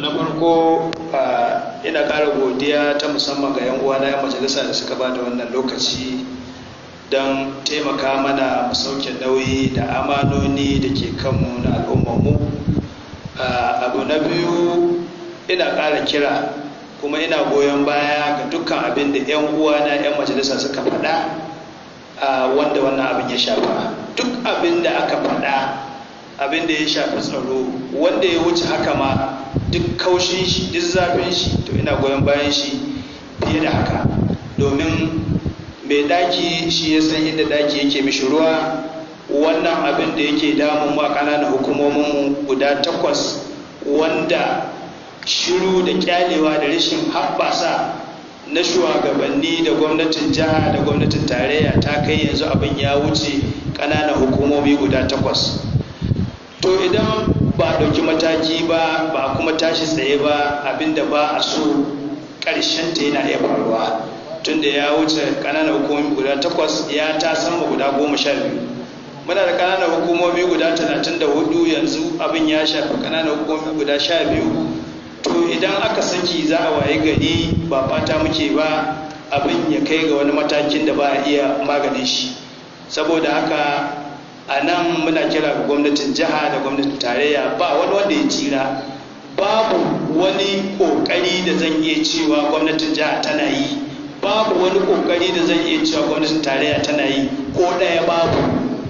na farko ina ƙara godiya ta musamman ga 'yan uwana 'yan majalisa da suka ba da wannan lokaci don taimaka mana mu nauyi da amanoni da ke kanmu na al'ummanmu abu na biyu ina ƙara kira kuma ina goyon baya ga dukkan abin da 'yan uwana 'yan majalisa suka faɗa wanda wannan abin ya shafa duk abin da aka faɗa abin da ya shafi tsaro wanda ya wuce haka ma duk kaushin shi duk zafin shi to ina goyon bayan shi fiye da haka domin mai daki shi ya san inda daki yake mishi ruwa wannan abin da yake damun ma ƙananan hukumomin guda takwas wanda shiru da kyalewa da rashin haɓasa na shugabanni da gwamnatin jiha da gwamnatin tarayya ta kai yanzu abin ya wuce ƙananan hukumomi guda takwas to idan ba ɗauki mataki ba ba kuma tashi tsaye ba abinda ba a so ƙarshen ta yana iya faruwa tunda ya wuce ƙananan hukumomi guda takwas ya ta sama guda goma sha biyu muna da ƙananan hukumomi guda talatin da hudu yanzu abin ya shafi ƙananan hukumomi guda sha biyu to idan aka saki za a waye gari ba fata muke ba abin ya kai ga wani matakin da ba a iya maganin shi saboda haka a nan muna kira ga gwamnatin jiha da gwamnatin tarayya ba wani wanda ya jira babu wani kokari da zan iya cewa gwamnatin jiha tana yi babu wani kokari da zan iya cewa gwamnatin tarayya tana yi ko ɗaya babu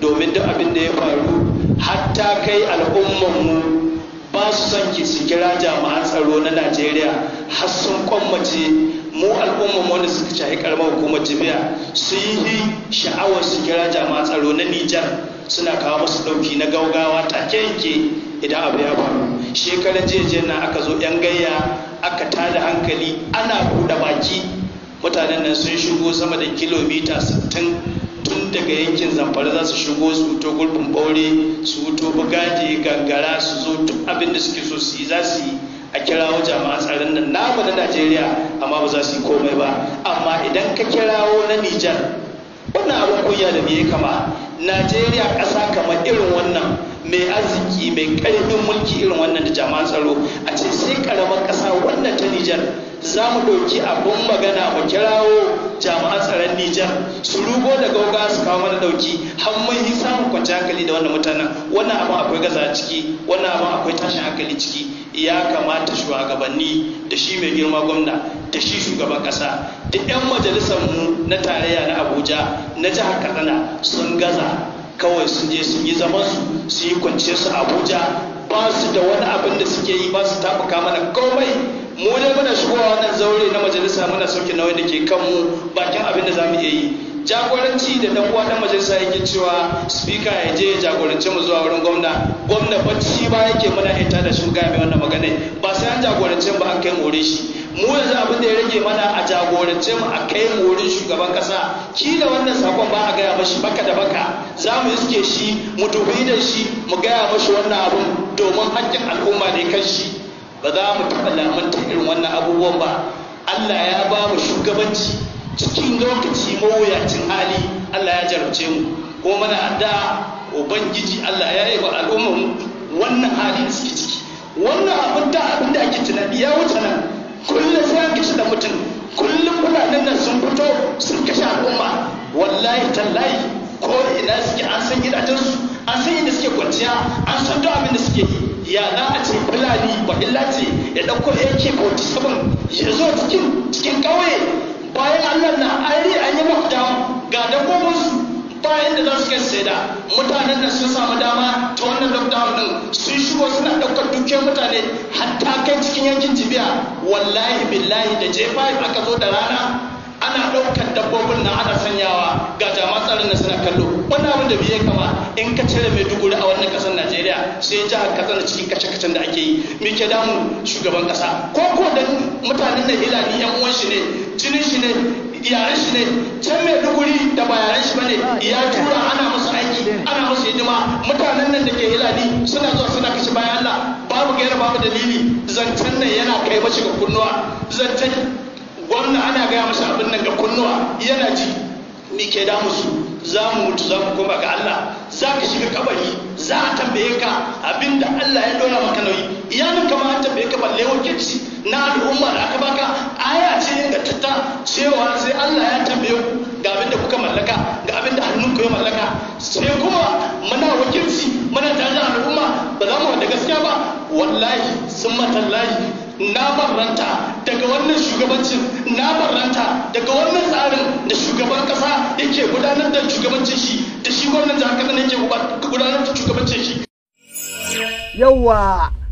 domin duk abin da ya faru hatta kai al'ummanmu ba su son ki su kira jami'an tsaro na najeriya har sun kwammace mu mu wanda suka shahi karamar hukumar jami'a sun yi sha'awar su kira jami'an tsaro na nijar suna kawo musu ɗauki na gaugawa take yanke idan abu ya faru shekarar jejen na aka zo yan gayya aka tada hankali ana buɗe baki mutanen nan sun shigo sama da kilomita 60 tun daga yankin zamfara za su shigo su wuto gulbin ɓaure su wuto bugaje gangara su zo duk abin da suke so su yi za su yi a kirawo jama'a tsarin nan namu na najeriya amma ba za su yi komai ba amma idan ka kirawo na nijar wannan abin kunya da me ya kama najeriya ƙasa kamar irin wannan mai arziki mai ƙarfin mulki irin wannan da jama'an tsaro a ce sai ƙaramar ƙasa wannan ta nijar za mu ɗauki abin magana mu kirawo jami'an tsaron nijar su rugo da gauga su kawo mana ɗauki har mun yi samun kwanci hankali da wannan mutanen wannan abin akwai gaza ciki wannan abin akwai tashin hankali ciki ya kamata shugabanni da shi mai girma gwamna da shi shugaban kasa da 'yan majalisar mu na tarayya na abuja na jihar katsina sun gaza kawai sun je sun yi zaman su su yi kwanciyar su abuja ba su da wani abin da suke yi ba su tafuka mana komai mu dai muna shigowa wannan zaure na majalisa muna sauke nauyin da ke kanmu bakin abin da za mu iya yi jagoranci da dan uwa dan majalisa yake cewa speaker ya je ya jagorance mu zuwa wurin gwamna gwamna bacci ba yake muna ita da shuga mai wannan magana ba sai an jagorance ba an kai more shi mu yanzu abin da ya rage mana a jagorance mu a kai mu wurin shugaban kasa kila wannan sakon ba a gaya mashi baka da baka za mu iske shi mu dubi da shi mu gaya mashi wannan abun domin hakkin al'umma ne kan shi ba za mu taɓa lamanta irin wannan abubuwan ba Allah ya ba mu shugabanci cikin lokaci mawuyacin hali Allah ya jarabce mu ko mana addu'a ubangiji Allah ya yi wa al'ummar wannan hali da suke ciki wannan abin da abin da ake tunani ya wuce nan kullum sai an kashe da mutum kullum mutanen nan sun fito sun kashe al'umma wallahi tallahi ko ina suke an san su an san inda suke kwanciya an san duk abin da suke yi ya za a ce fulani illa ce ya ɗauko bauti 47 ya zo cikin cikin ƙauye bayan Allah na ari an yi muku dama ga dabbobinsu bayan da za su kai saida mutanen da sun samu dama ta wannan lockdown din sun shigo suna ɗaukar dukiyar mutane hatta kai cikin yankin jibiya wallahi billahi da je 5 aka zo da rana ana ɗaukar dabbobin na ana sanyawa ga jama'a tsarin da suna kallo wannan abin da biye kama in ka cire mai duguri a wannan ƙasar najeriya sai jihar katsina cikin kace-kacen da ake yi me ke damu shugaban kasa ko ko da mutanen da hilali yan uwan shi ne jinin shi ne yaren shi ne can mai duguri da ba yaren shi bane ya tura ana musu aiki ana musu hidima mutanen nan da ke hilali suna zuwa suna kashe bayan Allah babu gaira babu dalili zancen nan yana kai mashi ga kunnuwa zancen gwamna ana gaya masa abin nan ga kunnuwa yana ji ni ke da musu za mu mutu za mu koma ga Allah za ka shiga kabari za a tambaye ka abinda Allah ya dora maka nauyi iyalin kama an tambaye ka balle wakilci na al'umma da aka baka cewa sai Allah ya tambaye ku ga abin da kuka mallaka ga abin da hannunku ya mallaka sai kuma muna wakilci muna tare al'umma ba za mu da gaskiya ba wallahi sun matallahi na barranta daga wannan shugabancin na barranta daga wannan tsarin da shugaban kasa yake gudanar da shugabancin shi da shi gwamnan jihar kaduna yake gudanar da shugabancin shi yawa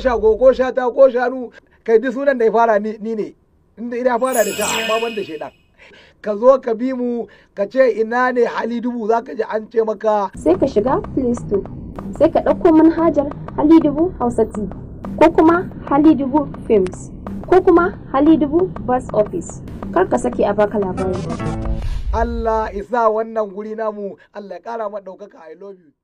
shago ko sha ta, ko shanu kai duk sunan da ya fara ni ne inda ina fara da ta amma ban da shaidan ka zo ka bi mu ka ce ina ne hali dubu za ka ji an ce maka sai ka shiga play store sai ka ɗauko manhajar hali dubu hausa t ko kuma hali dubu films ko kuma hali dubu bus office kar ka sake a baka labari Allah isa wannan guri namu Allah ya kara maɗaukaka ɗaukaka I love you